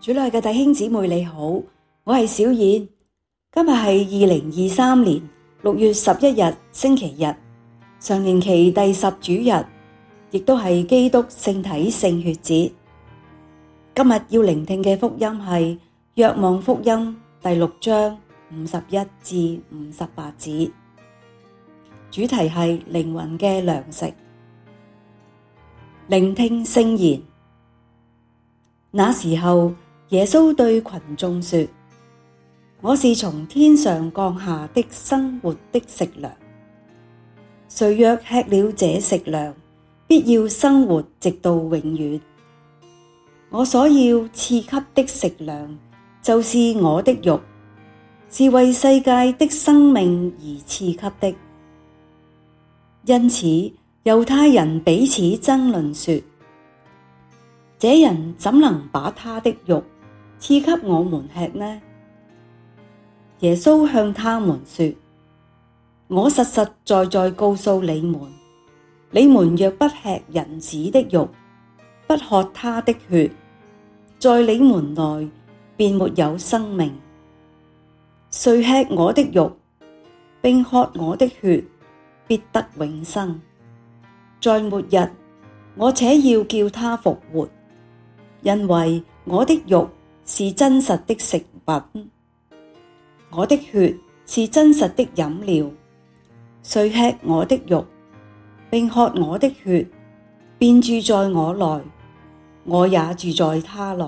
主內嘅弟兄姊妹你好，我係小燕。今日係二零二三年六月十一日星期日，常年期第十主日，亦都係基督聖體聖血節。今日要聆聽嘅福音係《若望福音》第六章五十一至五十八節，主題係靈魂嘅糧食。聆聽聖言，那時候。耶穌對群眾說：我是從天上降下的生活的食糧，誰若吃了這食糧，必要生活直到永遠。我所要賜給的食糧，就是我的肉，是為世界的生命而賜給的。因此，猶太人彼此爭論說：這人怎能把他的肉，賜給我們吃呢？耶穌向他們說：我實實在在告訴你們，你們若不吃人子的肉，不喝他的血，在你們內便沒有生命。誰吃我的肉，並喝我的血，必得永生。在末日，我且要叫他復活，因為我的肉。是真實的食品，我的血是真實的飲料。誰吃我的肉，並喝我的血，便住在我內，我也住在他內。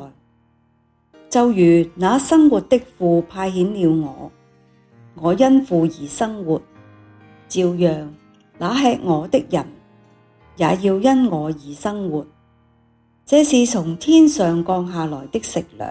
就如那生活的父派遣了我，我因父而生活，照樣那吃我的人也要因我而生活。這是從天上降下來的食糧。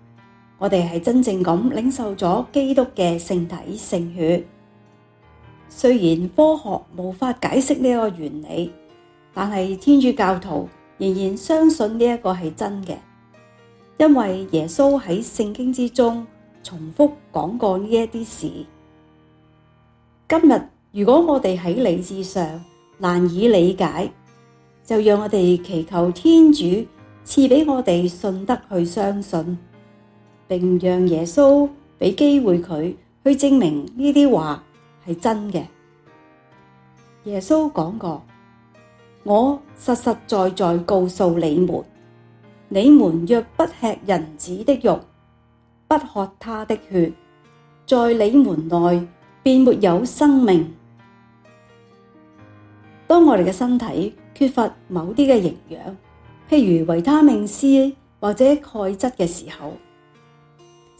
我哋係真正咁領受咗基督嘅聖體聖血，雖然科學無法解釋呢一個原理，但係天主教徒仍然相信呢一個係真嘅，因為耶穌喺聖經之中重複講過呢一啲事。今日，如果我哋喺理智上難以理解，就讓我哋祈求天主賜畀我哋信德去相信。並讓耶穌俾機會佢去證明呢啲話係真嘅。耶穌講過：我實實在在告訴你們，你們若不吃人子的肉，不喝他的血，在你們內便沒有生命。當我哋嘅身體缺乏某啲嘅營養，譬如維他命 C 或者鈣質嘅時候。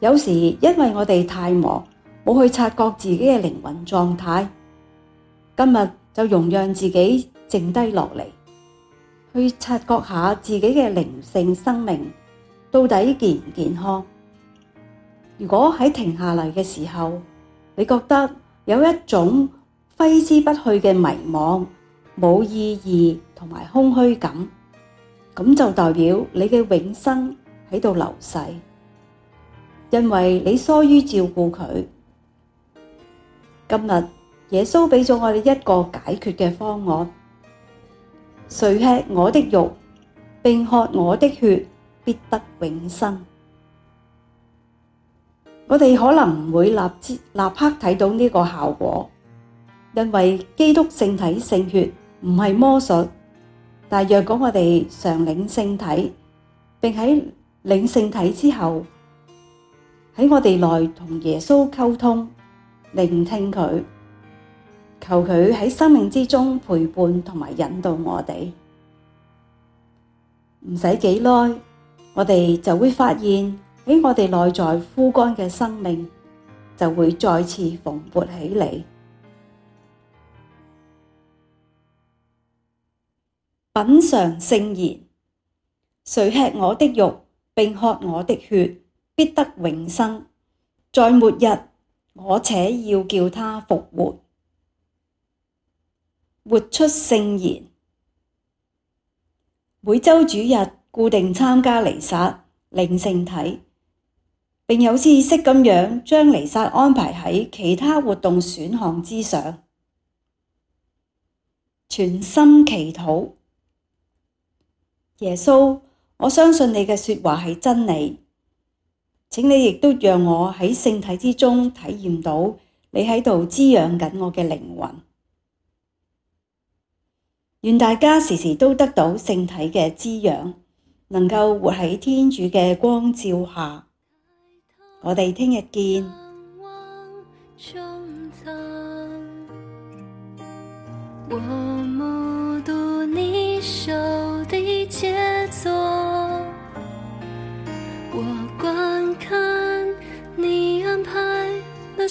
有時因為我哋太忙，冇去察覺自己嘅靈魂狀態。今日就容讓自己靜低落嚟，去察覺下自己嘅靈性生命到底健唔健康。如果喺停下嚟嘅時候，你覺得有一種揮之不去嘅迷惘、冇意義同埋空虛感，咁就代表你嘅永生喺度流逝。因為你疏於照顧佢。今日耶穌俾咗我哋一個解決嘅方案：誰吃我的肉並喝我的血，必得永生。我哋可能唔會立即立刻睇到呢個效果，因為基督聖體聖血唔係魔術。但係若果我哋常領聖體，並喺領聖體之後，喺我哋內同耶穌溝通，聆聽佢，求佢喺生命之中陪伴同埋引導我哋。唔使幾耐，我哋就會發現喺我哋內在枯乾嘅生命就會再次蓬勃起嚟。品嚐聖言，誰吃我的肉，並喝我的血，必得永生，在末日我且要叫他復活，活出聖言。每週主日固定參加彌撒，領聖體，並有意識咁樣將彌撒安排喺其他活動選項之上，全心祈禱。耶穌，我相信你嘅說話係真理。請你亦都讓我喺聖體之中體驗到你喺度滋養緊我嘅靈魂。願大家時時都得到聖體嘅滋養，能夠活喺天主嘅光照下。我哋聽日見。